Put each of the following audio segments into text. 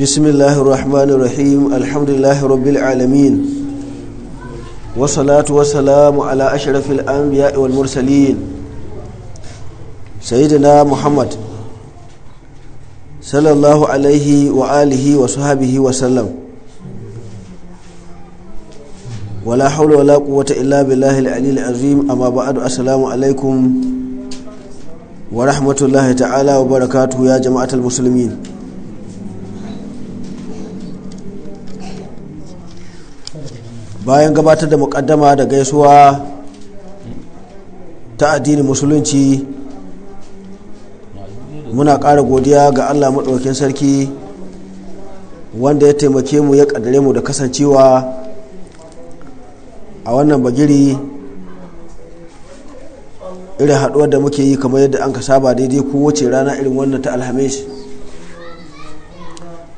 بسم الله الرحمن الرحيم الحمد لله رب العالمين والصلاة والسلام على أشرف الأنبياء والمرسلين سيدنا محمد صلى الله عليه وآله وصحبه وسلم ولا حول ولا قوة إلا بالله العلي العظيم أما بعد السلام عليكم ورحمة الله تعالى وبركاته يا جماعة المسلمين bayan gabatar da mukaddama da gaisuwa ta addinin musulunci muna ƙara godiya ga allah maɗaukin sarki wanda ya taimake mu ya ƙaddare mu da kasancewa a wannan bagiri irin haɗuwar da muke yi kamar yadda an ka saba daidai ko kowace rana irin wannan ta alhamis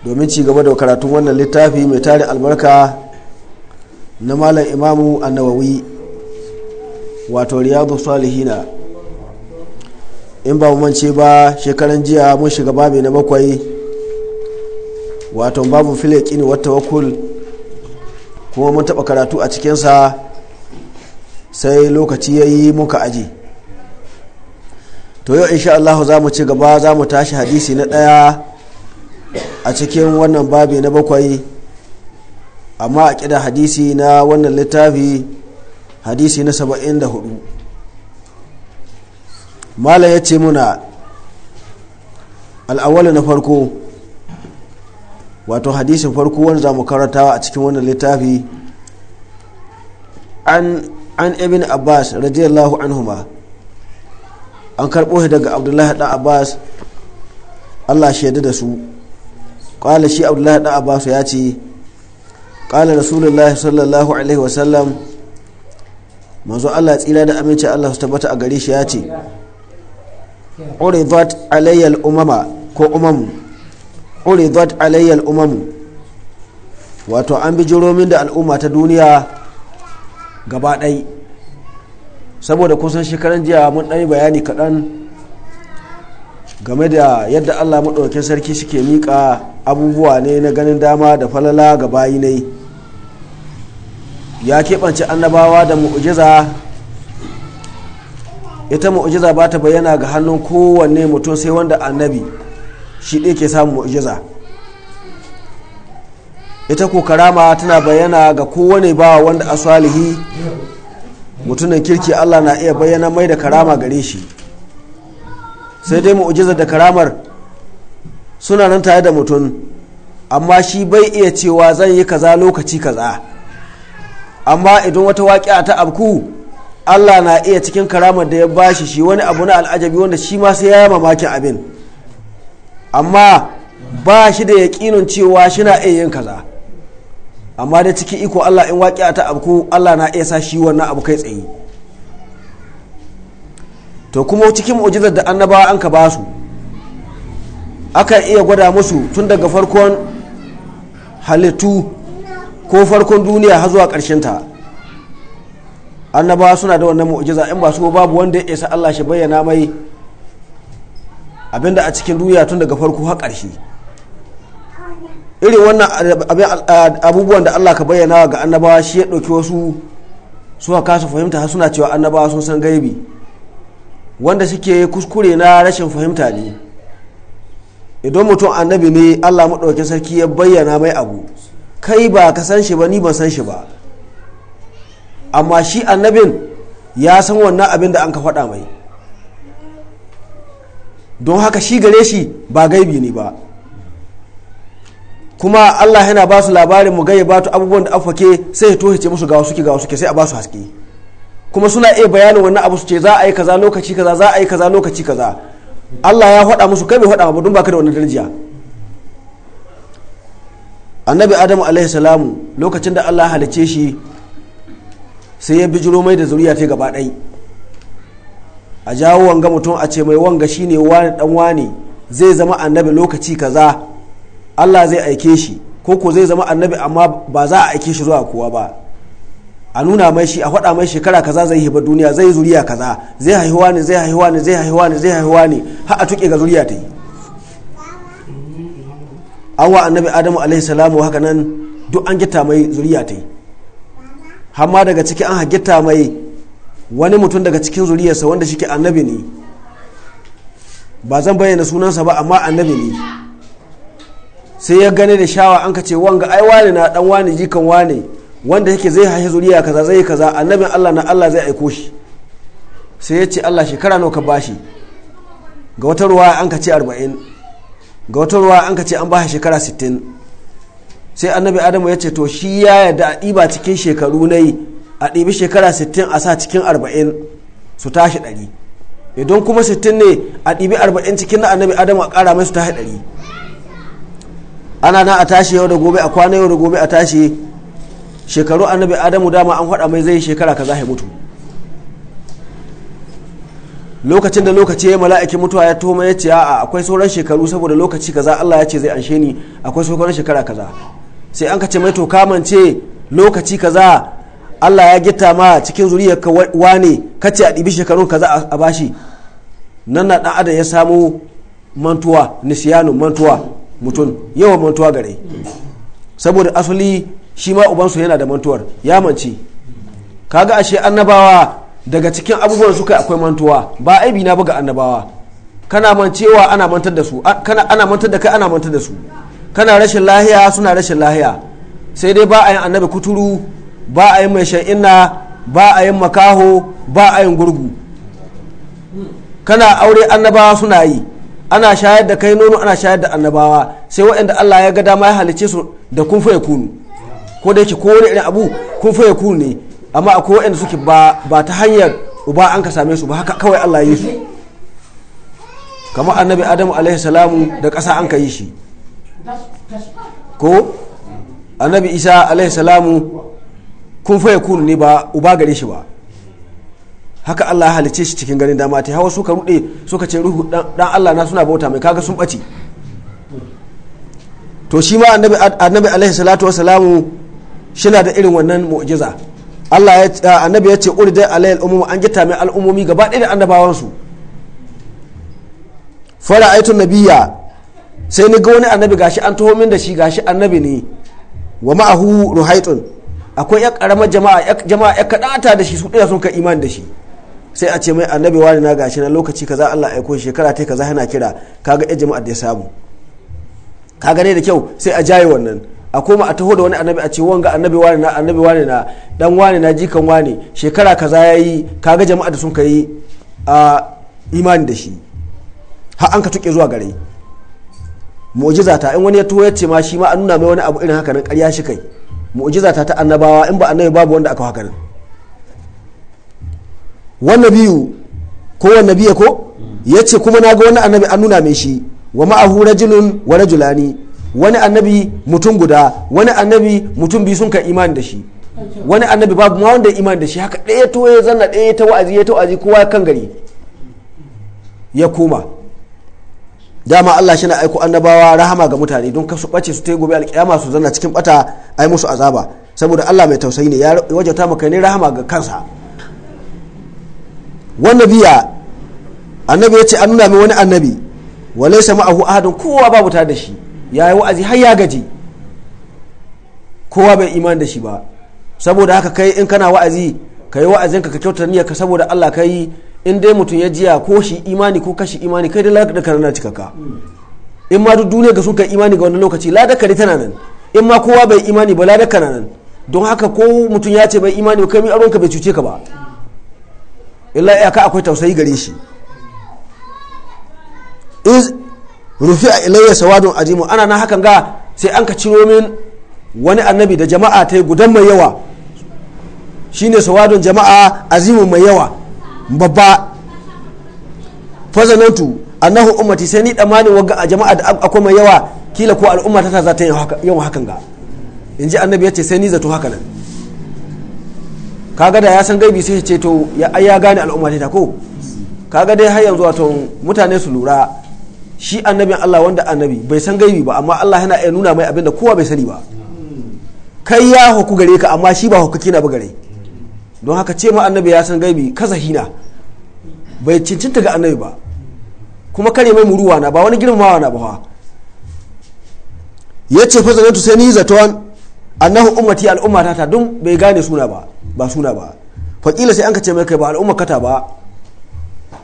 domin ci gaba da karatun wannan littafi mai tare albarka na malam imamu annawawi wato riyadu salihina in ba mance ba shekaran jiya mun shiga babi na bakwai wato babu filakin wata wakul kuma mun taɓa karatu a cikinsa sai lokaci ya yi muka aji to yau insha Allah za mu ci gaba za mu tashi hadisi na ɗaya a cikin wannan babi na bakwai amma a ƙida hadisi na wannan littafi hadisi na 74 mala ya ce muna al'awali na farko wato hadisin farko wani za mu karata a cikin wannan littafi an an ibn abbas radiyallahu anhuma an karɓo shi daga abdullahi ɗan abbas allah shaida da su ƙwala shi abdullahi ɗan abbas ya ce qala rasulullahi sallallahu alaihi wasallam Allah tsira da aminci Allah su tabbata a gare shi ya ce uridat alayyal umama ko umamu wato an bi jiromin da al'umma ta duniya gaba ɗai saboda kusan shekaran jiya mun ɗan bayani kaɗan game da yadda allah maɗaukin sarki suke miƙa abubuwa ne na ganin dama da falala ga bayinai. ya keɓance annabawa da mu'ujiza ita mu'ujiza ba ta bayyana ga hannun kowanne mutum sai wanda annabi shi ɗaya ke samun mu'ujiza ita ko karama tana bayyana ga kowane bawa wanda asalihi mutumin kirki allah na iya bayyana mai da karama gare shi sai dai mu'ujiza da karamar suna nan tare da mutum amma shi bai iya cewa zan yi kaza lokaci kaza amma idan wata a ta abku Allah na iya cikin karamar da ya ba shi wani abu na al'ajabi wanda shi ma sai ya yi mamakin abin amma ba shi da yaƙinin cewa shi na iya yin kaza amma da cikin iko Allah in a ta abku Allah na iya sa shi wannan abu kai tsaye to kuma cikin mu'jizar da annabawa an ka ba su akan iya gwada musu tun daga farkon halittu ko farkon duniya har zuwa ta annabawa suna da wannan mu'jiza in ba su babu wanda ya isa Allah shi bayyana mai abinda a cikin duniya tun daga farko har ƙarshe irin wannan abubuwan da Allah ka bayyana ga annabawa shi ya ɗauki wasu suka kasa fahimta har suna cewa annabawa sun san gaibi wanda suke kuskure na rashin fahimta ne idan mutum annabi ne Allah mu maɗaukin sarki ya bayyana mai abu kai ba ka san shi ba ni ban san shi ba amma shi annabin ya san wannan abin da an ka faɗa mai don haka shi gare shi ba gaibi ne ba kuma Allah yana ba su labarin mu gaya ba abubuwan da afake sai ya tohice musu ga wasu ga wasu sai a ba su haske kuma suna iya bayanin wannan abu su ce za a yi kaza lokaci kaza za a yi kaza lokaci kaza Allah ya faɗa musu kai bai faɗa ba don ba ka da wannan darajiya annabi adamu alaihi salamu lokacin da allah halice shi sai ya bijiro mai da zuriya ta gaba ɗai a jawo wanga mutum a ce mai wanga shine wani dan wani zai zama annabi lokaci kaza allah zai aike shi ko ko zai zama annabi amma ba za a aike shi zuwa kowa ba a nuna mai shi a faɗa mai shekara kaza zai hiba duniya zai zuriya kaza zai haihuwa ne zai haihuwa ne zai haihuwa ne zai haihuwa ne har a tuke ga zuriya ta yi awa annabi adamu alaihi salamu haka nan duk an gita mai zuriya ta yi hamma daga ciki an hagita mai wani mutum daga cikin zuriyarsa wanda shi ke annabi ne ba zan bayyana sunansa ba amma annabi ne sai ya gane da shawa an ka ce wanga ai wani na dan wani jikan wani wanda yake zai haihi zuriya kaza zai kaza annabin Allah na Allah zai aiko shi sai ya ce Allah shekara nawa ka bashi ga wata ruwa an ka arba'in ga wata ruwa an ka ce an ba shi shekara 60 sai annabi adamu ya ce to shi ya yarda a ɗiba cikin shekaru na yi a ɗibi shekara 60 a sa cikin 40 su tashi 100 idan kuma 60 ne a ɗibi 40 cikin na annabi adamu a ƙara mai su tashi 100 ana na a tashi yau da gobe a kwana yau da gobe a tashi shekaru annabi adamu dama an faɗa mai zai shekara ka za ya mutu lokacin da lokaci ya mala'ikin mutuwa ya toma ya ce a'a akwai sauran shekaru saboda lokaci kaza Allah ya ce zai anshe ni akwai sauran shekara kaza sai an ka ce mai to kamance lokaci kaza Allah ya gita ma cikin zuriyar ka wane kace a dibi shekarun kaza a bashi nan na dan adam ya samu mantuwa nisyanu mantuwa mutum yawan mantuwa gare saboda asali shi ma ubansu yana da mantuwar ya manci kaga ashe annabawa daga cikin abubuwan kai akwai mantuwa ba aibi na buga annabawa kana mancewa ana mantar da su kana ana mantar da kai ana mantar da su kana rashin lahiya suna rashin lahiya sai dai ba a yin annabi kuturu ba a yin mai sha'ina ba a yin makaho ba a yin gurgu kana aure annabawa suna yi ana shayar da kai nono ana shayar da annabawa sai waɗanda Allah ya ga dama ya halice su da kun ya kunu ko da yake kowane irin abu kun ya kunu ne amma akwai waɗanda suke ba ta hanyar uba an ka same su ba haka kawai Allah yi su kama annabi adamu alaihi salamu da ƙasa an ka yi shi ko annabi isa alaihi salamu kun faya kun ne ba uba gare shi ba haka Allah ya halice shi cikin ganin dama ta hawa suka ruɗe suka ce ruhu dan Allah na suna bauta mai kaga sun ɓace to shi ma annabi alaihi salatu wasalamu shi na da irin wannan mu'jiza Allah ya ah, annabi ya ce urda alayhi umum an gita mai al'ummomi gaba ɗaya da annabawan su fara aitu nabiyya sai ni ga wani annabi gashi an taho min da shi gashi annabi ne wa ma'ahu ruhaitun akwai ya karama jama'a jama'a ya kadata da shi su ɗaya sun ka iman da shi sai a ce mai annabi wani na gashi na lokaci kaza Allah aiko shekara ta kaza yana kira kaga ya jama'a da ya samu kaga ne da kyau sai a jaye wannan a koma a taho da wani annabi a ce wanga annabi wani na annabi wani na dan wani na jikan wani shekara kaza yayi kaga jama'a da sun kai a imani da shi har an ka tuke zuwa gare mu'jiza ta in wani ya taho ya ce ma shi ma an nuna mai wani abu irin haka nan ƙarya shi kai mu'jiza ta ta annabawa in ba annabi babu wanda aka haka nan wannan biyu ko wannan biye ko yace kuma naga wani annabi an nuna mai shi wa ma'ahu rajulun wa rajulani wani annabi mutum guda wani annabi mutum biyu sun ka imani da shi wani annabi babu ma wanda imani da shi haka ɗaya to ya zanna ɗaya ta wa'azi ya ta wa'azi kowa kan gari ya koma dama Allah shi na aiko annabawa rahama ga mutane don kasu ɓace su ta gobe alƙiyama su zanna cikin ɓata ai musu azaba saboda Allah mai tausayi ne ya wajauta maka ne rahama ga kansa wannan biya annabi ya ce an nuna min wani annabi walaysa ma'ahu ahu ahadin kowa babu tare da shi ya yi wa'azi har ya gaji kowa bai iman da shi ba saboda haka kai in kana wa'azi ka yi wa'azinka ka kyautar niyyar ka saboda Allah ka yi in dai mutum ya jiya ko shi imani ko kashi imani kai dai ladaka na cika cikaka in ma duk duniya ga sun kai imani ga wani lokaci lada dai tana nan in ma kowa bai imani ba lada na nan don haka ko mutum ya ce bai imani ba kai mi aronka bai cuce ka ba illa iyaka akwai tausayi gare shi rufi a ilayya sawadun ajimu ana na hakan ga sai an ka ciro min wani annabi da jama'a ta gudan mai yawa shine sawadun jama'a azimu mai yawa babba fazanantu annahu ummati sai ni damani wagga a jama'a da akwai mai yawa kila ko al'umma ta za ta yawan hakan ga in ji annabi ya ce sai ni zato haka nan kaga da ya san gaibi sai ce to ya gane al'umma ta ko kaga dai har yanzu wato mutane su lura shi annabin Allah wanda annabi bai san gaibi ba amma Allah yana iya nuna mai abinda kowa bai sani ba kai ya huku gare ka amma shi ba hukaki na ba gare don haka ce ma annabi ya san gaibi kaza hina bai cincinta ga annabi ba kuma kare mai muruwa na ba wani girmamawa na ba ya ce fa zanatu sai ni zaton annahu ummati al'ummata ta dun bai gane suna ba ba suna ba sai an ka ce mai kai ba al'umma kata ba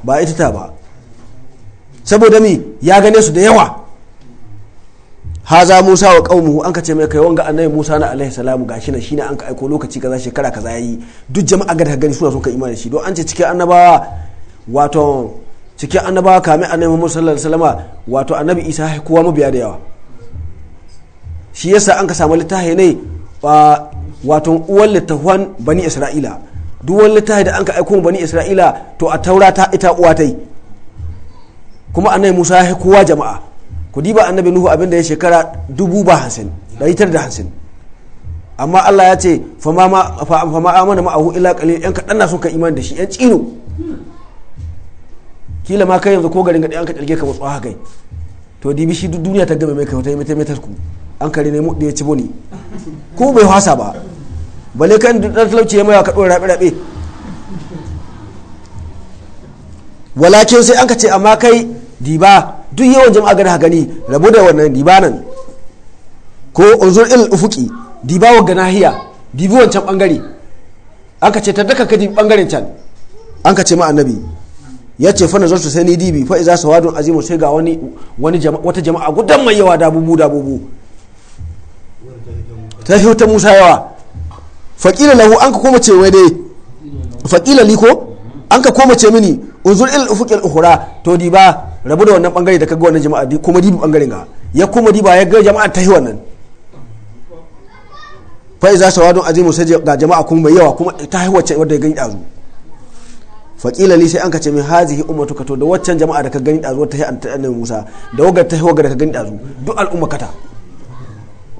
ba ita ta ba saboda mi ya gane su da yawa haza musa wa qaumuhu an ka ce mai kai wanga annabi musa na alaihi salamu gashi nan shine an ka aiko lokaci kaza shekara kaza yayi duk jama'a ga daga gani suna son ka imani shi don an ce cikin annabawa wato cikin annabawa kame annabi musa sallallahu alaihi wasallama wato annabi Isa kowa mabiya da yawa shi yasa an ka samu littafi ne wato uwan littafan bani Isra'ila duk wani littafi da an ka aiko bani Isra'ila to a taura ta ita uwa ta yi kuma annabi musa ya kowa jama'a ku diba annabi nuhu abinda ya shekara dubu ba da ɗari tara da hansin amma allah ya ce fama amana ma'ahu ila kalil yan kaɗan na son ka da shi yan tsino kila ma kai yanzu ko garin gaɗe an ka ƙirge ka matsuwa haka to dibi shi duk duniya ta gama mai wata yi taimaitar ku an kare ne da ya ci boni ko bai hasa ba balle kan da ɗan talauci ya mai ka ɗora rabe-rabe walakin sai an ka ce amma kai diba duk yawan jama'a gani gani rabu da wannan diba nan ko unzur il ufuki diba wa ganahiya dibi wancan bangare an ka ce ta daka ka dibi bangaren can an ka ce ma annabi ya ce fana zartu sai ni dibi fa iza sawadun azimu sai ga wani wata jama'a gudan mai yawa dabubu dabubu ta fi ta musa yawa faƙila lahu an ka koma ce wai dai faƙila liko an ka koma ce mini uzur il il uhura to di ba rabu da wannan bangare da kaga wannan jama'a di kuma di bangaren ga ya kuma ba ya ga jama'a ta yi wannan fa iza sawadun azimu sai ga jama'a kuma mai yawa kuma ta yi wacce wanda ya gani dazu faƙila li sai an kace min hazihi ka to da waccan jama'a da ka gani dazu ta yi annabi Musa da wagar ta yi wagar da ka gani dazu duk al'umma kata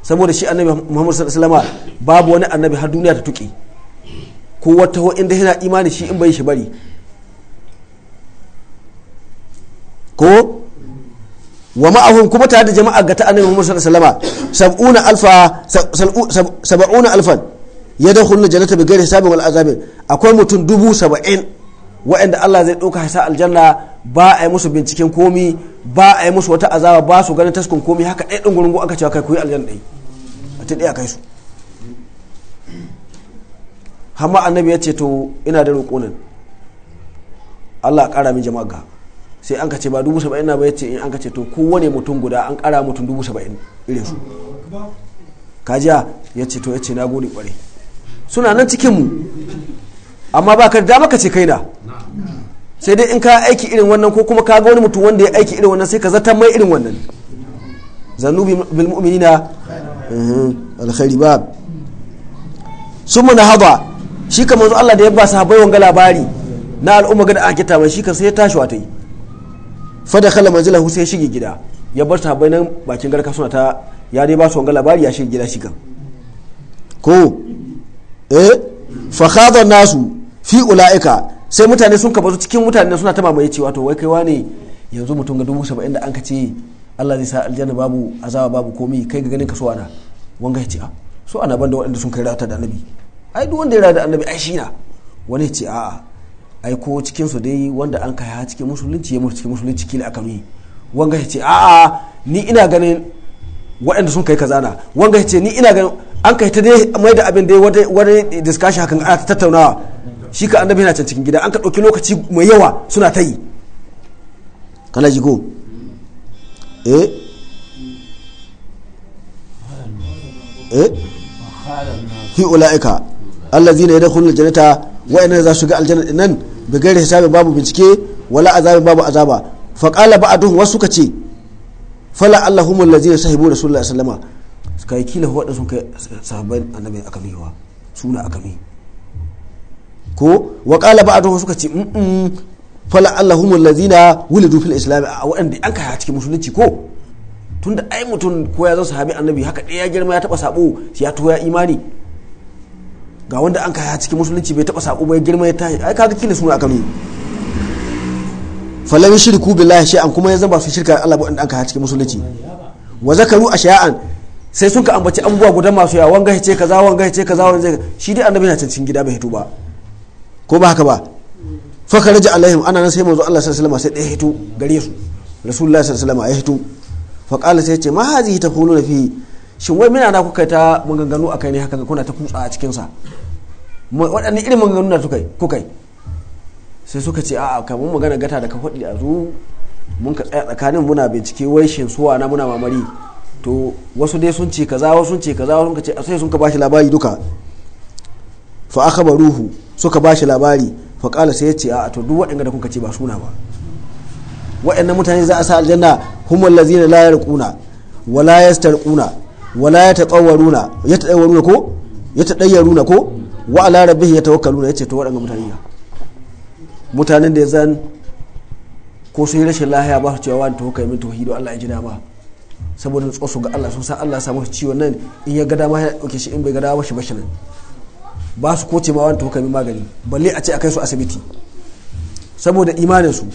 saboda shi annabi Muhammad sallallahu alaihi wasallam babu wani annabi har duniya ta tuki ko wata ho inda yana imani shi in bai shi bari ko wa ma'ahum kuma tare da jama'a ga ta annabi Muhammad sallallahu alaihi sab'una alfa sab'una alfan yadkhuluna jannata bi ghairi hisabin wal azabin akwai mutum dubu saba'in wa'anda Allah zai ɗauka hisa aljanna ba a yi musu binciken komi ba a yi musu wata azaba ba su ganin taskun komi haka ɗaya ɗin gurin aka cewa kai kuyi aljanna ɗai a ta ɗaya kai su hamma annabi ya ce to ina da roƙonin Allah ƙara min jama'a ga sai an kace ba dubu saba'in na ba ya ce in an kace to wane mutum guda an kara mutum dubu saba'in irin su kajiya ya ce to ya ce na gode kware suna nan cikin mu amma ba ka da maka ce kai na sai dai in ka aiki irin wannan ko kuma ka ga wani mutum wanda ya aiki irin wannan sai ka zata mai irin wannan zanubi bil mu'minina eh, alkhairi ba sun mana haba shi kamar Allah da ya ba sahabbai wanga labari na al'umma ga da gita mai shi ka sai ya tashi wata yi fa da khala manzilahu sai shige gida ya bar ta nan bakin garka suna ta ya dai ba su wanga labari ya shige gida shi kan ko eh fa khadha nasu fi ulaika sai mutane sun kaba cikin mutane suna ta mamaye cewa to wai kai wane yanzu mutum ga dubu saba'in da an ka ce Allah zai sa aljanna babu azaba babu komai kai ga ganin ka so wanga ya ce ah, so ana banda waɗanda sun kai rata da annabi ai duk wanda ya rata da annabi ai shi na wani ya ce a'a ai ko cikin su dai wanda an kai ha cikin musulunci ya mutu cikin musulunci kila aka yi wanga ya ce a'a ni ina ganin waɗanda sun kai kaza na wanga ya ce ni ina ganin an kai ta dai mai da abin dai wani wani discussion hakan ana tattaunawa shi ka annabi yana can cikin gida an ka ɗauki lokaci mai yawa suna ta yi kana ji ko eh eh fi ula'ika allazina yadkhulul jannata wa'ina za su ga aljanna nan bi gari hisabin babu bincike wala azabi babu azaba fa qala ba'duhum wasu ka ce fala allahumul ladzina sahibu rasulullahi sallama ka yi kila waɗanda sun kai sahabban annabi aka miwa suna aka mi ko wa qala ba'duhum suka ce mm fala allahumul ladzina wulidu fil islam waɗanda an kai cikin musulunci ko tunda ai mutum ko ya zo sahabi annabi haka ɗaya girma ya taɓa sabo sai ya tuwa ya imani ga wanda an kai cikin musulunci bai taba sako bai girma ya tashi ai kaga kila suna aka nuni falam shirku billahi an kuma ya ba su shirka Allah ba wanda an kai cikin musulunci wa zakaru ashya'an sai sun ka ambaci abubuwa guda masu yawa wanga ya ce kaza wanga ce kaza wanga ce shi dai annabi na can cin gida bai hito ba ko ba haka ba fa karaja alaihim ana nan sai manzo Allah sallallahu alaihi wasallam sai ɗaya hito gare su rasulullahi sallallahu alaihi wasallam ya hito fa qala sai ya ce ma hazihi taquluna fi shin wai muna na kuka ta maganganu akai ne haka kuna ta kutsa a cikin sa waɗanne irin maganganun da suka yi kuka yi sai suka ce a'a kamar magana gata da kafaɗi a zu mun ka tsaya tsakanin muna bincike wai shin suwa na muna mamari to wasu dai sun ce kaza wasu sun ce kaza wasu sun ce a sai sun ka bashi labari duka fa ruhu suka bashi labari fa kala sai ya ce a'a to duk waɗanda da kuka ce ba suna ba waɗannan mutane za a sa aljanna humul lazina la yarquna wala yastarquna wala yataqawwaruna yataqawwaruna ko yatadayyaruna ko wa ya rabbihi ya ce to waɗanda mutane mutanen da ya zan ko sun yi rashin lahiya ba su cewa wani to kai min tauhidu Allah ya ji dama saboda su ga Allah sun san Allah ya samu ciwon nan in ya gada ma ya dauke shi in bai gada ba shi bashi nan ba su koce ma wani to kai min magani balle a ce a kai su asibiti saboda imanin su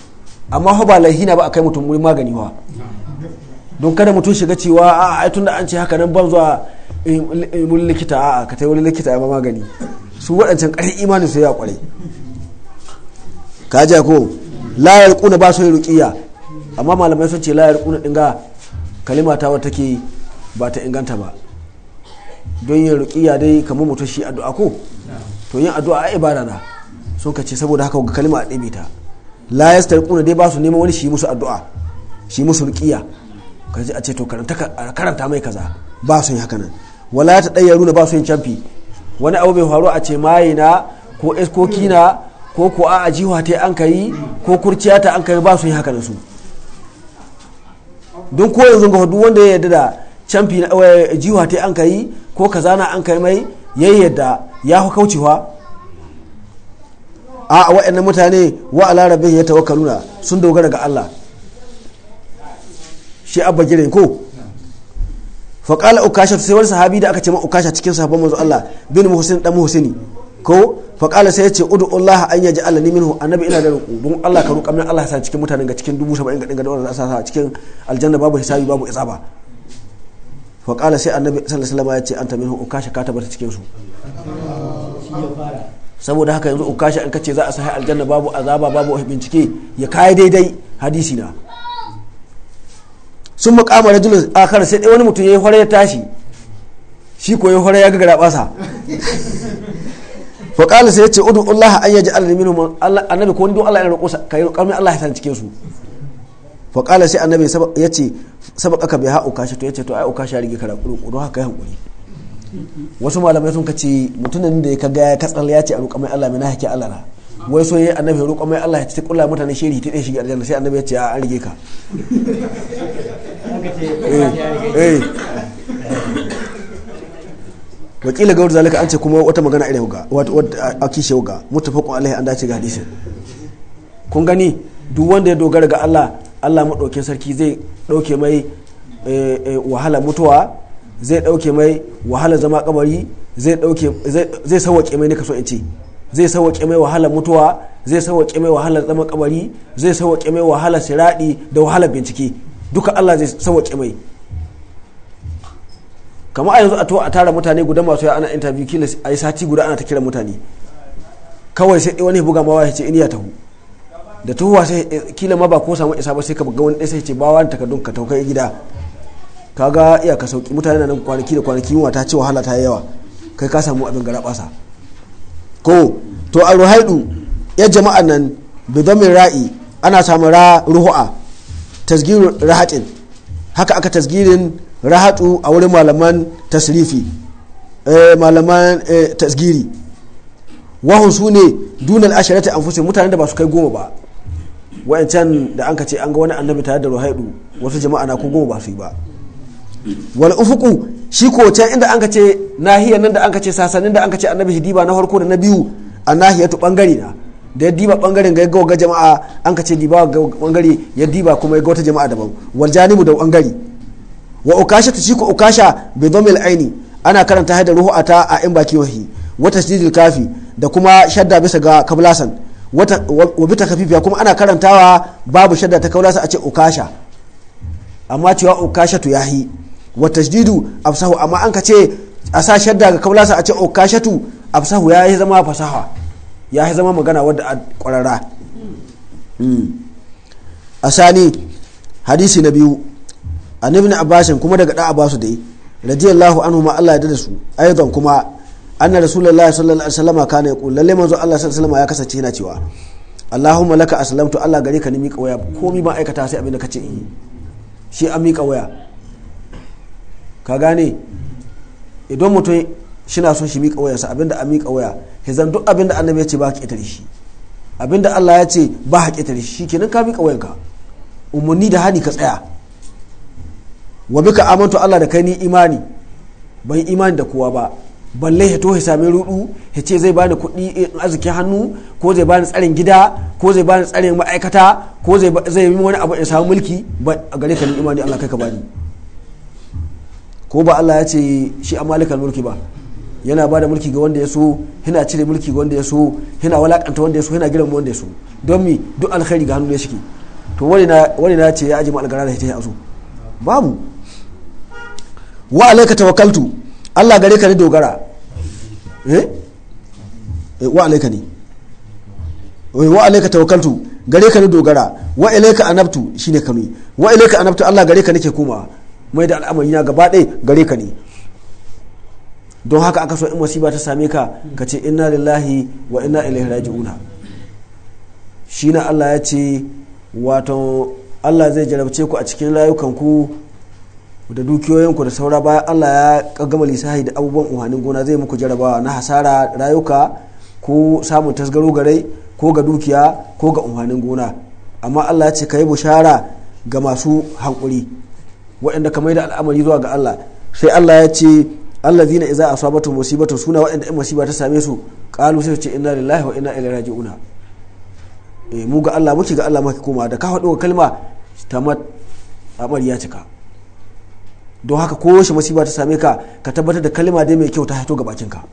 amma ba laihina ba a kai mutum wurin magani ba don kada mutum shiga cewa a ai tunda an ce haka nan ban zuwa mun likita a'a ka yi wani likita ya magani su waɗancan ƙarfi imanin su ya ƙware ka ko layar yarquna ba su rukiya amma malamai sun ce la ɗin dinga kalima ta wata take ba ta inganta ba don yin rukiya dai kamar mutum shi addu'a ko to yin addu'a a ibada na sun ka ce saboda haka ga kalima a ɗebe ta layar yastarquna dai ba su neman wani shi musu addu'a shi musu rukiya ka a ce to karanta mai kaza ba su yi haka nan wala ta ɗayyaru runa ba su yin camfi wani abu mai faru a ce maye na ko eskoki na ko ko a ajiwa ta an kai ko kurciya ta an kai ba su yi haka nan su don ko yanzu ga duk wanda ya yarda da camfi na eh, jiwa ta an kai ko kaza na an kai mai ya yarda ya hu kaucewa a wa'annan mutane wa ala ya tawakkaluna sun dogara ga Allah shi abba girin ko faƙala ukasha sai wani sahabi da aka ce ma ukasha cikin sahabban manzo Allah bin muhsin dan muhsini ko faƙala sai ya ce udu Allah an yaji Allah ni minhu annabi ina da ruku don Allah ka roƙa min Allah sa cikin mutanen ga cikin dubu saba'in ga dinga da wannan asasa cikin aljanna babu hisabi babu isaba faƙala sai annabi sallallahu alaihi wasallam ya ce anta minhu ukasha ka tabbata cikin su saboda haka yanzu ukasha in kace za a sahi aljanna babu azaba babu bincike ya kai daidai hadisi na sun makama rajulun akar sai dai wani mutum ya yi hore ya tashi shi ko ya hore ya ga basa fa sai sai ce udu Allah an yaji minhum Allah annabi ko don Allah ya roƙo sa kai roƙar Allah ya san cikin su fa sai annabi sabab aka bai haƙo kashi to ce to ai uka ya rige kara roƙo don haka ya hankuri wasu malamai sun kace mutumin da ya kaga ya katsala ya ce a roƙar Allah mai na haƙi Allah na wai so yi annabi roƙon mai Allah ya ci kula mutane shiri ta shiga aljanna sai annabi ya ce a an rige ka eh, eh wakila gawar zalika an ce kuma wata magana irin ga a kishe ga Allah ya an dace ga hadisi kun gani duk wanda ya dogara ga Allah Allah maɗaukin sarki zai ɗauke mai eh, eh, wahala mutuwa zai ɗauke mai wahala zama kabari zai sauwaƙe mai ne kaso in ce zai sauwaƙe mai wahalar mutuwa zai sauwaƙe mai wahalar zama kabari zai sauwaƙe mai wahalar siradi da wahalar bincike duka Allah zai sauwaƙe mai kama a yanzu a towa a tara mutane guda masu ya ana interview kila a yi sati guda ana ta kira mutane kawai sai wani buga mawa ya ce in ya tahu da tuhuwa sai eh, kila ma ba ko samu isa ba sai ka ga wani ɗaya sai ce ba wani takardun ka taukai gida kaga iya ka sauki mutane na nan kwanaki da kwanaki yunwa ta ce wahala ta yawa kai ka samu abin gara basa ko to a ruhaidu ya jama'a nan bidomin ra'i ana samun ruhu'a tasgirin rahatin haka aka tasgirin rahatu a wurin malaman tasrifi eh, malaman eh, tasgiri wahun su ne dunan ashirata an fusi mutanen da ba su kai goma ba wa'ancan da an ka ce an ga wani annabi tare da ruhaidu wasu jama'a na ko goma ba su yi ba wal ufuku shi ko can inda an nahiyar nan da an ka ce da an ce annabi hidiba na farko da na biyu a nahiyar tu bangare na da ya diba bangaren ga ga ga jama'a an diba ga bangare ya diba kuma ya ga wata jama'a daban wal janibu da bangare wa ukasha ta shi ko ukasha bi dhamil aini ana karanta hada ruhu ata a in baki wahi wa tasdidil kafi da kuma shadda bisa ga kablasan wa bi kuma ana karantawa babu shadda ta kaulasa a ce ukasha amma cewa ukasha tu yahi wa tajdidu afsahu amma an ka ce a sa shadda ga kaulasa a ce okashatu afsahu ya yi zama fasaha ya yi zama magana wadda a kwarara hmm. a sani hadisi na biyu a ibn abbasin kuma daga dan abbasu dai radiyallahu anhu ma Allah ya dada su aidan kuma anna rasulullahi sallallahu alaihi wasallam kana yaqul lalle manzo Allah sallallahu alaihi wasallam ya kasance yana cewa Allahumma laka aslamtu Allah gare ka ni miƙa waya komi ba aikata sai abin da kace shi an miƙa waya ka gane idan mutum shina son shi miƙa wayarsa abinda a miƙa waya hizan duk abinda annabi ya ce ba ka shi abinda Allah ya ce ba ka shi kenan ka miƙa wayanka umarni da hani ka tsaya wa bika amantu Allah da kai ni imani ban imani da kowa ba balle ya tohe same rudu ya ce zai bani kuɗi in eh, arziki hannu ko zai bani tsarin gida ko zai bani tsarin ma'aikata ko zai yi wani abu in samu mulki ba a gare ka ni imani Allah kai ka bani ko ba Allah ya ce shi malikan mulki ba yana ba da mulki ga wanda ya so yana cire mulki ga wanda ya so yana walakanta wanda ya so yana girma wanda ya so don mi duk alkhairi ga hannu ya shike to wani na ce ya ajima algara da ita ya zo babu wa alaika tawakkaltu Allah gare ka ne dogara eh? eh wa alaika ne eh, wa alaika tawakkaltu gare ka ne dogara wa ilaika anabtu shine kami wa ilaika anabtu Allah gare ka nake komawa mai da al'amari na gaba ɗaya gare ka ne don haka aka so in masiba ta same ka ka ce inna lillahi wa inna ilaihi raji'una shi na Allah ya ce wato Allah zai jarabce ku a cikin rayukanku da dukiyoyinku da saura bayan Allah ya kagama lisahi da abubuwan uhanin gona zai muku jarabawa na hasara rayuka ko samun tasgaro gare ko ga dukiya ko ga uhanin gona amma Allah ya ce ka yi bushara ga masu hankuri waɗanda kamar maida al'amari zuwa ga Allah sai Allah ya ce allah zina iza a sabatu musibatu suna waɗanda in musiba ta same su qalu sai su ce inna lillahi wa inna ilaihi raji'una eh mu ga Allah muke ga Allah muke koma da ka faɗo kalma tamat amari ya cika don haka ko wace musiba ta same ka ka tabbatar da kalma dai mai kyau ta haito ga bakin ka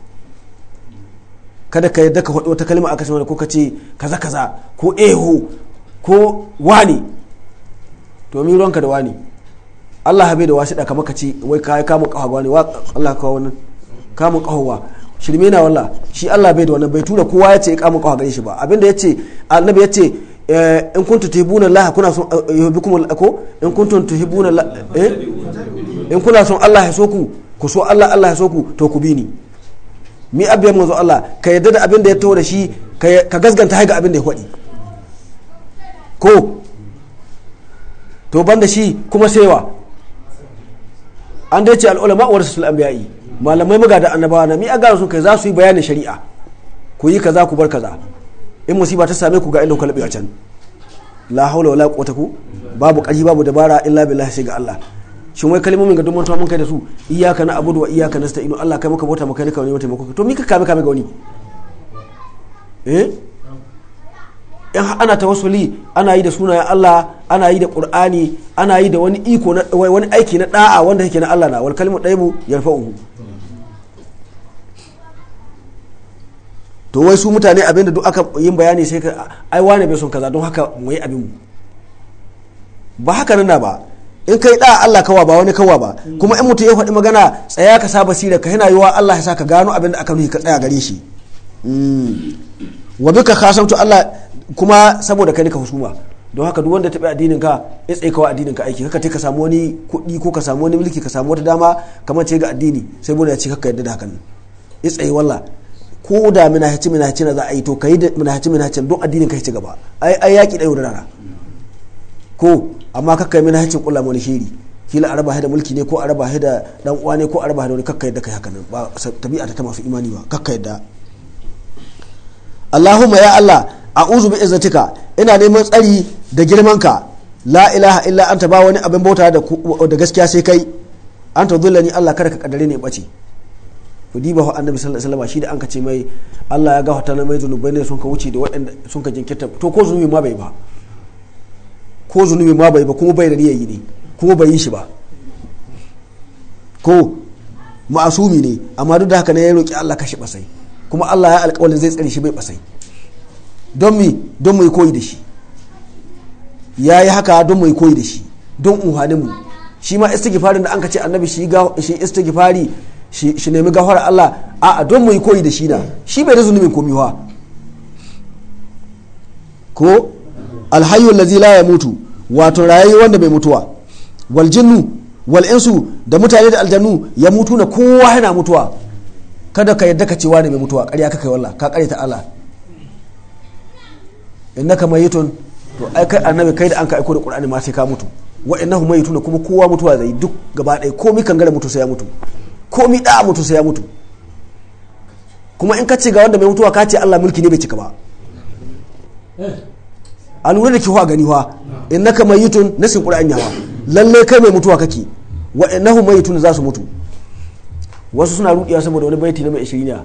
kada ka yadda ka faɗo wata kalma aka ce ko ka ce kaza kaza ko eho ko wani to mi ruwanka da wani Allah bai da wasu da makaci wai kai kamun kahawa ne wa Allah kawo wannan kamun kahawa shirme na wallah shi Allah bai da wannan bai tura kowa ya ce kamun kahawa gare shi ba abinda yace annabi yace eh, in kuntum tuhibuna Allah kuna son eh, yuhibbukum alako in kuntum tuhibuna eh in kuna son Allah ya so ku ku so Allah Allah ya so ku to ku bi ni mi abiyar manzo Allah ka yarda da abin da ya taho da shi ka gasganta haiga abin da ya faɗi ko to ban da shi kuma saiwa an dai ce al'ulama wa rasul anbiya'i malamai da annabawa na mi gara su kai za su yi bayanin shari'a ku yi kaza ku bar kaza in musiba ta same ku ga inda ku a can la haula wala quwwata ku babu kaji babu dabara illa billah sai ga Allah shin wai kalmomin ga ma mun kai da su iyyaka na abudu wa iyyaka nasta'inu Allah kai maka bauta maka ne ka wani mata to mi ka kame kame ga wani eh in ana tawassuli ana yi da sunayen Allah ana yi da Qur'ani ana yi da wani iko na wani aiki na da'a wanda yake na Allah na wal kalimu daibu yarfa'uhu to wai su mutane abin da duk aka yin bayani sai ka ai wane bai son kaza don haka mu yi abin mu ba haka nan ba in kai da Allah kawa ba wani kawa ba kuma in mutum ya faɗi magana tsaya ka sa basira ka yana yiwa Allah ya sa ka gano abin da aka nuhi ka tsaya gare shi hmm. wa duka kasantu Allah kuma saboda kai ka husuma don haka duk wanda taɓa addinin ka ya tsaye kawai addinin ka aiki kaka ka samu wani kuɗi ko ka samu wani mulki ka samu wata dama kamar ce ga addini sai bude ya ce kaka yadda da hakan ya tsaye walla ko da mina haci mina haci na za a yi to kai da mina haci mina haci don addinin ka ya ci gaba ai ai yaki da rana ko amma kaka yi mina hacin kulla wani shiri kila a raba da mulki ne ko a raba da dan uwa ne ko a raba da wani kakka yadda kai haka nan ba tabi'a ta masu imani ba kakka yadda Allahumma ya Allah a bi izzatika ina neman tsari da girmanka la ilaha illa anta ba wani abin bauta da gaskiya sai kai an ta ni Allah kada ka kadare ne bace ku ba annabi sallallahu alaihi wasallam shi da an ce mai Allah ya gafarta na mai zunubai ne sun ka wuce da waɗanda sun ka jinkirta to ko zunubi ma bai ba ko zunubi ma bai ba kuma bai da niyyar yi ne kuma bai yi shi ba ko ma'asumi ne amma duk da haka ne ya roki Allah kashe basai kuma Allah ya alƙawarin zai tsare shi bai basai don mi don mu koyi da shi ya yi haka don mai koyi da shi don unhani mu shi ma da an ce annabi shi shi istighfari shi nemi gafara Allah a don mu koyi da shi na shi bai da zunubin komiwa. ko alhayyu allazi la yamutu wato rayayi wanda bai mutuwa wal jinnu wal insu da mutane da aljannu ya mutu na kowa yana mutuwa kada ka yadda ka cewa ne mai mutuwa ƙarya ka kai wallah ka ta Allah innaka mayitun to ai kai annabi kai da an ka aiko da qur'ani ma sai ka mutu wa innahu mayitun kuma kowa mutuwa zai duk gaba ɗaya komi kangare mutu sai ya mutu komi da mutu sai ya mutu kuma in ka ce ga wanda mai mutuwa ka ce Allah mulki ne bai cika ba a lura da huwa gani wa innaka mayitun nasin qur'ani yawa lalle kai mai mutuwa kake wa innahu mayitun za su mutu wasu suna rudiya saboda wani baiti na mai ya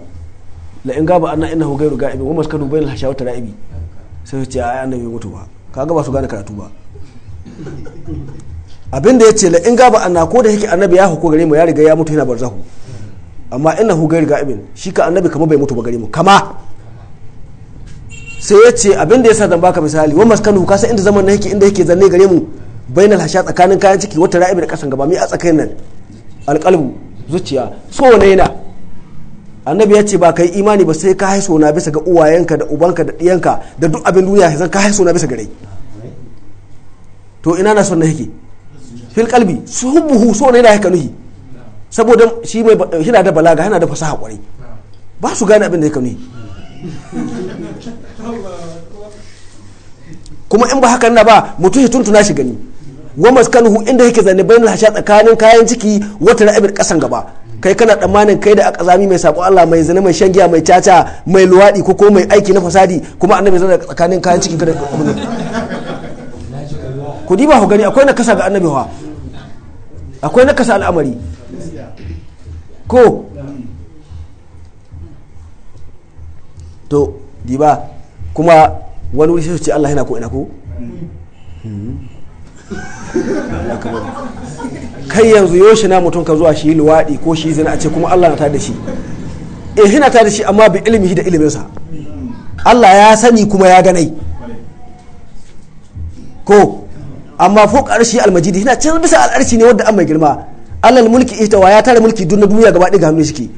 la in gaba anna innahu ghayru ga'ibi wa maskanu bainal hashawati ra'ibi sai ce ai annabi bai mutu ba kaga ba su gane karatu ba abin da ya ce la in gaba anna ko da yake annabi ya hukku gare mu ya riga ya mutu yana barzahu amma ina hu gari ga'ibin shi ka annabi kama bai mutu ba gare mu kama sai ya ce abin da ya sa zan baka misali wa maskanu ka san inda zaman na yake inda yake zanne gare mu bainal hasha tsakanin kayan ciki wata ra'ibi da kasan gaba mi a tsakanin nan alqalbu zuciya so ne yana annabi ya ce ba ka yi imani ba sai ka haiso na bisa ga uwayenka da ubanka da ɗiyanka da duk abin duniya zan ka haiso na bisa ga to ina na son na yake fil kalbi su buhu so ne na yake nuhi saboda shi mai yana da balaga yana da fasaha kwarai ba su gane abin da yake nuhi kuma in ba hakan na ba mutum ya tuntuna shi gani wa maskanuhu inda yake zane bayan hasha tsakanin kayan ciki wata ra'ibir kasan gaba kai kana tsammanin kai da aka mai sako Allah mai zina mai shan giya mai caca mai luwaɗi ko ko mai aiki na fasadi kuma annabi zana tsakanin kayan ciki. kada ku diba ku gani akwai nakasa ga annabi wa akwai nakasa al'amari ko to diba kuma wani wuri sai ce Allah yana ko ina ko hmm. kai yanzu yoshi na mutum ka zuwa shi luwaɗi ko shi zina a ce kuma Allah na ta da shi eh na ta da shi amma bi shi da iliminsa Allah ya sani kuma ya ganai ko amma fuka arshi almajidi na can bisa al'arshi ne wadda an mai girma allal mulki istawa ya tara mulki duk na duniya gaba ɗaya ga hannun shiki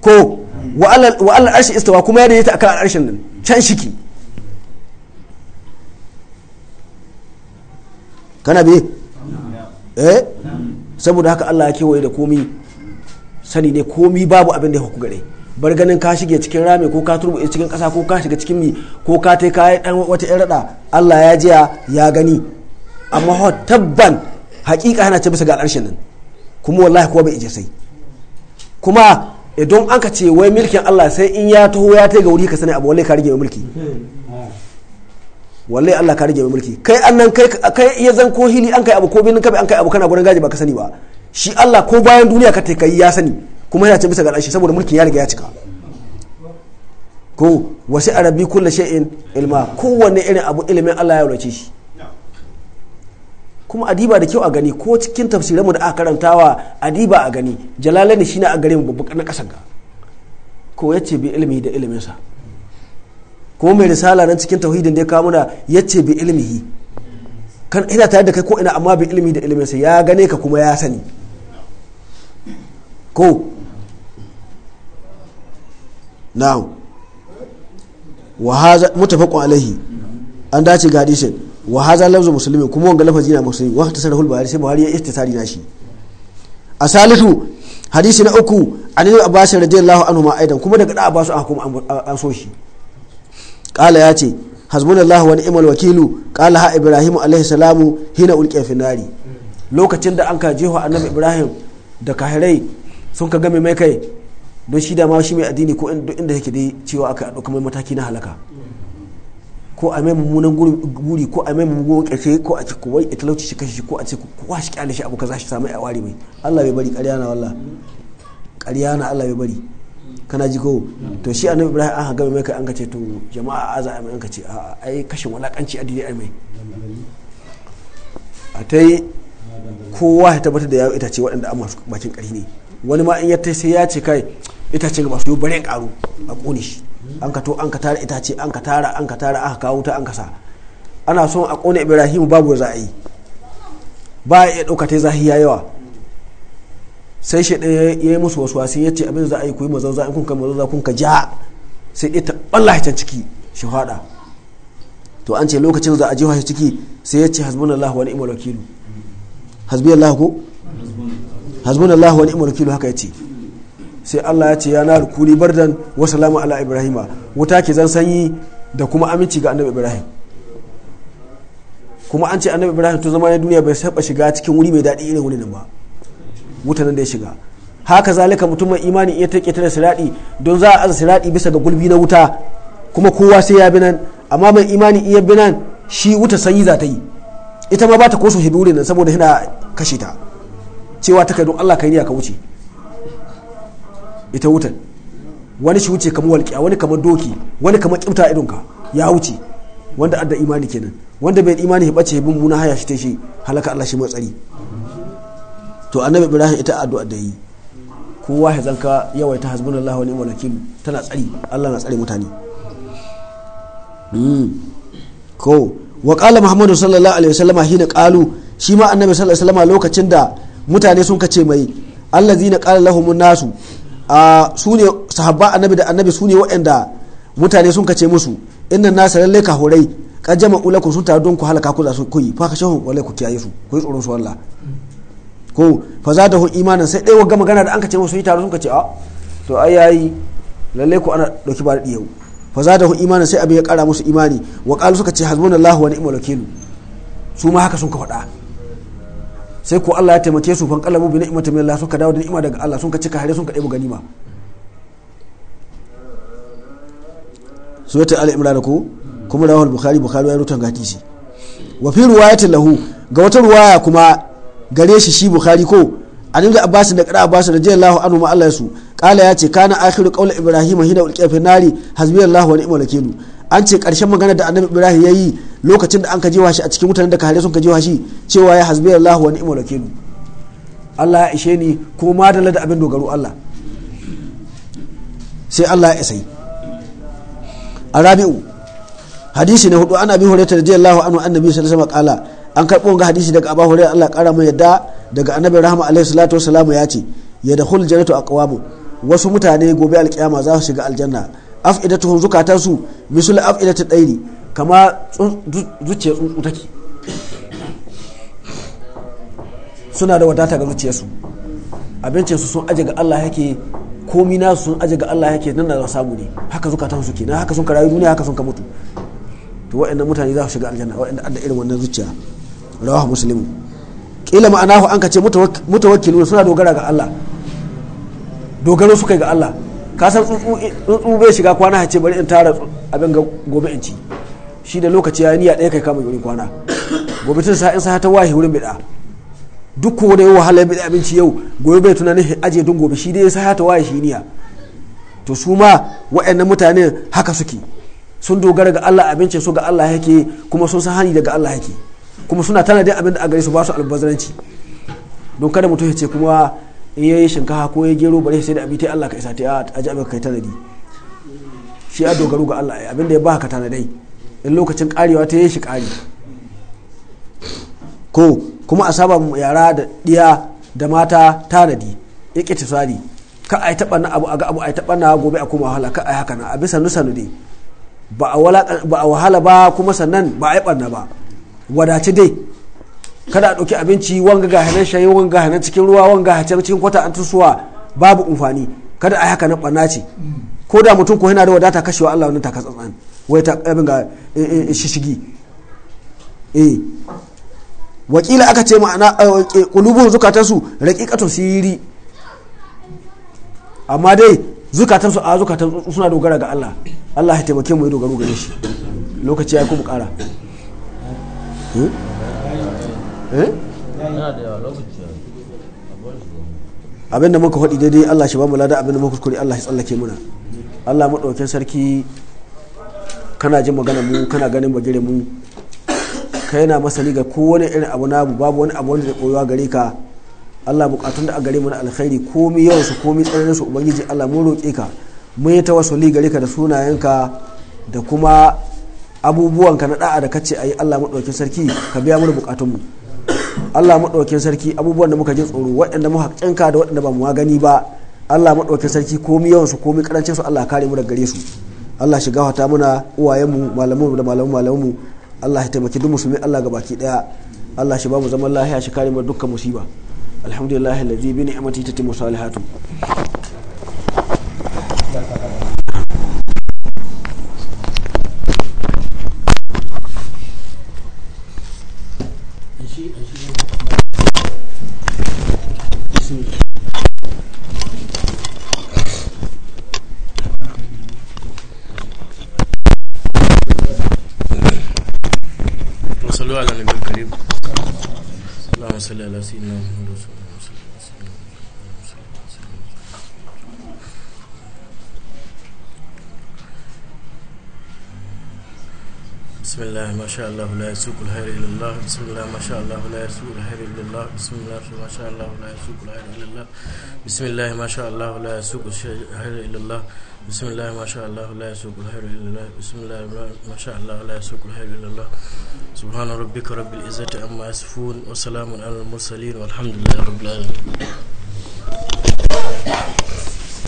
ko wa alal arshi istawa kuma ya a akan al'arshin nan can shiki kana bi eh saboda haka Allah ya kewaye da komi sani ne komi babu abin da ya huku gare bar ganin ka shige cikin rami ko ka turbe cikin kasa ko ka shiga cikin mi ko ka tai kai dan wata yar rada Allah ya jiya ya gani amma ho tabban hakika yana ce bisa ga al'arshin nan kuma wallahi kowa bai ije sai kuma idan an ka ce wai mulkin Allah sai in ya taho ya tai ga wuri ka sani abu wallahi ka rige mulki wallai Allah ka rage mai mulki kai annan kai kai ya zan ko hili an kai abu ko binin kabe an kai abu kana gurin gaji ba ka sani ba shi Allah ko bayan duniya ka kai ya sani kuma yana ce bisa ga shi saboda mulkin ya riga ya cika ko wasi arabi kullu shay'in ilma kowanne irin abu ilimin Allah ya wuce shi kuma adiba da kyau a gani ko cikin mu da aka karantawa adiba a gani jalali shine a gare mu babban na ga ko yace bi ilimi da iliminsa sa ko mai risala nan cikin tauhidin da ya kawo muna ce bi ilmihi kan ina tare da kai ko ina amma bi ilmi da ilmin sa ya gane ka kuma ya sani ko na'am wa haza mutafaqu alaihi an dace ga hadisin wa haza lafzu muslimin kuma wanga lafazi na musulmi wa ta sarhul bukhari sai buhari ya istisari na shi a salisu hadisi na uku an ibn abbas radiyallahu anhu ma aidan kuma daga da abbas an kuma an so shi kala ya ce hasbunallahu wani ni'mal wakilu kala ha ibrahimu alaihi salamu hina ulqiya finari. lokacin da an ka jeho annabi ibrahim da kahirai sun ka game mai kai don shi da ma shi mai addini ko inda yake dai cewa aka dauka mai mataki na halaka ko a mai mummunan guri ko a mai mummunan ƙarshe ko a ce ko wai talauci shi kashi ko a ce kowa shi kyale shi abu kaza shi samu a ware mai Allah bai bari ƙarya na wallah ƙarya na Allah bai bari kana ji ko to shi annabi ibrahim an gaba mai kai an kace to jama'a aza ai mai an kace a ai kashin walakanci addini ai mai a ta yi kowa ya tabbatar da ya itace waɗanda an masu bakin ƙari ne wani ma in ya ta sai ya ce kai itacen ga masu yi bare ƙaru a ƙone shi an ka to an ka tara ce an ka tara an ka tara aka kawo ta an ka sa ana son a ƙone ibrahim babu za a yi ba ya iya ɗauka ta yawa sai shi ɗaya ya yi musu wasu wasu ya ce abin za a yi kuyi mazauza in kunka mazauza kunka ja sai ɗaya ta ɓalla can ciki shi faɗa to an ce lokacin za a jefa shi ciki sai ya ce hasbun Allah wani imar wakilu hasbi Allah ko hasbun Allah wani imar wakilu haka ya ce sai Allah ya ce ya na rukuni bardan wa salamu ala ibrahima wuta ke zan sanyi da kuma aminci ga annabi ibrahim kuma an ce annabi ibrahim to zama na duniya bai saba shiga cikin wuri mai daɗi irin wani nan ba wuta nan da ya shiga haka zalika mutumin imani iya take ta siradi don za a aza siradi bisa ga gulbi na wuta kuma kowa sai ya bi nan amma mai imani iya bi nan shi wuta sanyi za ta yi ita ma ba ta koso hidurin nan saboda yana kashe ta cewa ta kai don Allah kai ne ka wuce ita wutan wani shi wuce kamar walƙiya wani kamar doki wani kamar kimta ka ya wuce wanda adda imani kenan wanda bai imani ya bace bin muna haya shi ta shi halaka Allah shi tsari to annabi ibrahim ita addu'a da yi kowa ya zanka ta hasbunallah wa ni'mal wakil tana tsari Allah na tsari mutane hmm. ko wa qala muhammadu sallallahu alaihi wasallam hina qalu shi ma annabi sallallahu alaihi wasallam lokacin da mutane sun kace mai allazina qala lahum nasu a sune sahabba annabi da annabi sune waɗanda mutane sun kace musu inna nasu lalle ka horai kajama ulakum sun taru don ku halaka ku za su kuyi fa ka shahu wallahi ku kiyaye su ku yi tsoron su wallahi ko fa za ta hu imanin sai ɗaya wagga magana da an kace masu yi taro sun kace a ah, to ai yayi lalle ko ana ɗauki ba da yau fa za ta hu imanin sai abin ya kara musu imani wa ƙalu suka ce hasbunallahu wa ni'mal wakilu su ma haka sun ka faɗa sai ko Allah ya taimake su fan ƙalabu bi ni'matin min Allah suka dawo da ni'ima daga Allah sun ka cika hare sun ka ɗebo ganima suratul al-imran ko kuma rawal bukhari bukhari ya rutan gatisi wa fi riwayatin lahu ga wata riwaya kuma gare shi shi bukhari ko a dinga abbas da qara abbas radiyallahu anhu ma Allah yasu kala yace kana akhiru qawl ibrahim hina ulqiya fi nari hasbiyallahu wa ni'mal wakil an ce karshen magana da annabi ibrahim yayi lokacin da an kaje washi a cikin mutanen da ka hare sun kaje washi cewa ya hasbiyallahu wa ni'mal wakil Allah ya ishe ni ko madalla da abin dogaro Allah sai Allah ya isai arabi'u hadisi na hudu ana bi hurairah radiyallahu anhu annabi sallallahu alaihi wasallam kala an karɓo ga hadisi daga abu hurairah Allah ƙara mai yadda daga annabi rahama alaihi salatu wasalam ya ce ya da hul jannatu aqwamu wasu mutane gobe alkiyama za su shiga aljanna afidatuhum zukatansu misul afidatu ɗairi kama zuciya tsuntsu take suna da wadata ga su abincin su sun aje ga Allah yake komi na sun aje ga Allah yake nan da samu ne haka zukatan su kenan haka sun ka rayu duniya haka sun ka mutu to waɗannan mutane za su shiga aljanna waɗanda da irin wannan zuciya rawahu muslimu kila ma'anahu an kace mutawakkilu suna dogara ga Allah dogaro suka ga Allah ka san tsuntsu bai shiga kwana ce bari in tara abin ga gobe in ci shi da lokaci ya niyya ɗaya kai kama wurin kwana gobe tun sa'in sa ta wahi wurin bida duk ko da wahala bida abinci yau gobe bai tunanin aje don gobe shi dai sa ta wahi shi niyya to su ma wa'annan mutane haka suke sun dogara ga Allah abinci su ga Allah yake kuma sun san hani daga Allah yake kuma suna tanadin abin da a gare su ba su albazaranci don kada mutum ya ce kuma in yayi shinkafa ko ya gero bare sai da abin Allah ka isa ta a ji abin kai tanadi shi ya dogaro ga Allah abin da ya ba ka tanadai in lokacin karewa ta yi shi kare ko kuma a saba yara da diya da mata tanadi ya ƙi tisari ka a yi taɓa abu a ga abu a yi taɓa gobe a kuma wahala ka a yi haka na a sanu nusa ne ba a wahala ba kuma sannan ba a yi ɓanna ba wadace dai kada a ɗauki abinci wanga ga hanan shayi wanga hanan cikin ruwa wanga ga cikin kwata an tusuwa babu amfani kada a haka na ɓanna ce ko da mutum ko yana da wadata kashewa Allah wannan taka tsantsan wai ta abin ga eh, eh, eh, shishigi eh wakila aka ce ma'ana kulubun zukatansu raƙiƙatun siri amma dai zukatansu a zukatan suna dogara ga Allah Allah ya taimake mu ya dogaro gare shi lokaci ya kuma ƙara Eh? Eh? abinda muka faɗi daidai Allah shi ba mu lada abinda muka kuskure Allah shi tsallake muna Allah maɗaukin sarki kana jin magana mu kana ganin bajire mu ka na masani ga kowane irin abu na babu wani abu wanda zai koyuwa gare ka Allah bukatun da a gare mu na alkhairi komi yawan su komi tsananin su ubangiji Allah mun roƙe ka mun yi tawassuli gare ka da sunayenka da kuma abubuwan ka na da'a da kace ayi Allah madaukakin sarki ka biya mu bukatunmu Allah madaukakin sarki abubuwan da muka ji tsoro waɗanda muka tsinka da waɗanda ba mu gani ba Allah madaukakin sarki komai yawan su komai karancin su Allah kare mu daga gare su Allah shiga hata muna mu malamu da malamu mu Allah ya taimaki duk musulmi Allah baki daya Allah shi ba mu zaman lahiya shi kare mu dukkan musiba alhamdulillah alladhi bi ni'mati tatimmu salihatu la sino بسم الله ما شاء الله لا يسوق الخير إلا الله بسم الله ما شاء الله لا يسوق الخير إلا الله بسم الله ما شاء الله لا يسوق الخير إلا الله بسم الله ما شاء الله لا يسوق الخير إلا الله بسم الله ما شاء الله لا يسوق الخير إلا الله بسم الله ما شاء الله لا يسوق الخير إلا الله سبحان ربك رب العزة عما يصفون وسلام على المرسلين والحمد لله رب العالمين